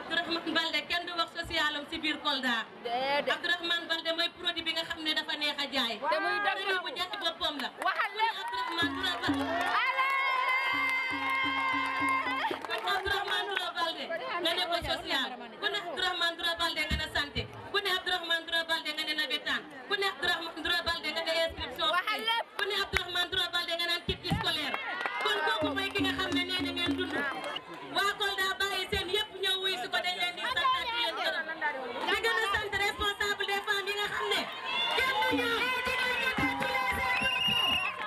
Abdourahmane Balde kenn du wax socialam ci biir Kolda. déedéet Abdourahmane Balde mooy produit bi nga xam ne dafa neex a jaay. te muy dëgg bu jaay boppam la. waxal lépp Abdourahmane Balde. nga ne ko social ku ne Abdourahmane Balde nga ne santé ku ne Abdourahmane ku ne Abdourahmane Balde nga ne inscription. waxal lépp ku ne Abdourahmane mooy ki nga xam ne nee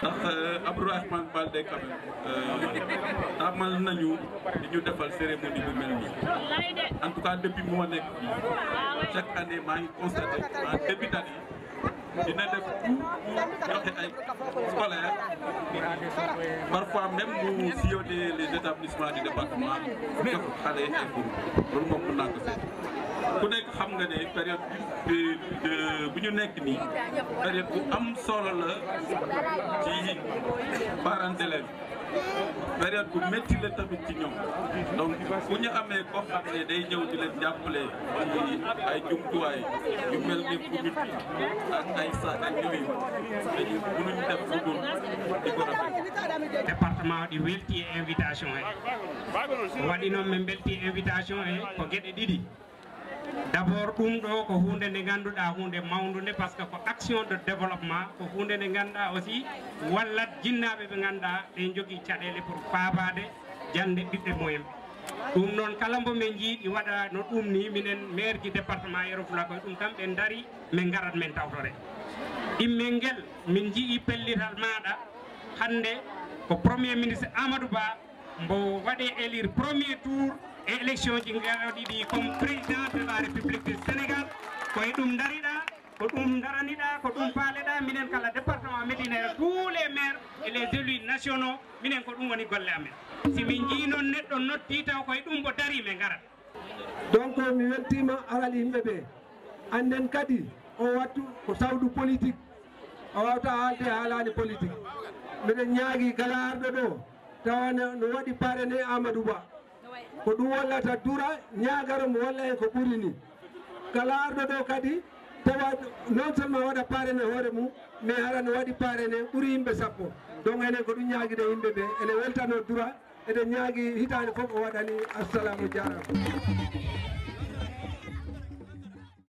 ndax euh, Abdourahmane Baldé quand même euh, amal nañu di ñu defal cérémonie bu mel nii en tout cas depuis mu ma nekk fii chaque maa ngi constaté en début d'année dina def tout pour ay scolaire parfois même bu sillonner les établissements du département ku nekk xam nga ne période bu ñu nekk nii période bu am solo la ci parents d'élèves période bu métti la tamit ci ñoom donc bu ñu amee koo xam ne day ñëw di leen jàppale ci ay jumtuwaay yu mel ni bubit ak ay saak ak yooyu dañu mënuñ lu dul di ko rafet département ɗi welti e invitation he waɗi noon min belti invitation he ko gueɗe ɗiɗi d' abord ɗum ɗo ko hunde nde ganduɗa hunde mawdude par ce que ko action de développement ko hunde nde ganduɗa aussi wallat jinnaɓe ɓe ganduɗa ɓe jogui caɗele pour faabade jande ɓiɓɓe mumen ɗum noon kala mbo min jiiɗi waɗa no ɗum ni minen maire ji département yero ɗum tan ɓe daari min garat min tawtore ɗimmel min jii pellital maɗa hande ko premier ministre amadou ba mbo waɗe élire premier tour élection ji ngeɗo ɗiɗi comme président de la république du sénégal koye ɗum ko ɗum daraniɗa ko ɗum paaleɗa minen kala département médinaire tous les maires et les élus ko ɗum woni golle amen si min jii noon neɗɗo notti taw koye ɗum ɓo dari min garat donc mi weltima aral yimɓe ɓe anden kadi o wattu ko sawdu politique o wawta haalde haalani politique miɗen ñaagui gala ɗo tawane no waɗi parene amadou ba ko ɗum wallata dura ñagaro mo walla en ko ɓuri ni kala arɗo ɗo kadi tawa non seulement waɗa parene hoore mum mais harano waɗi parene ɓuuri yimɓe sappo donc enen ko ɗum ñaaguide yimɓe ɓe ene weltano dura eɗen ñaagui hitande foof o waɗani assalamu jarama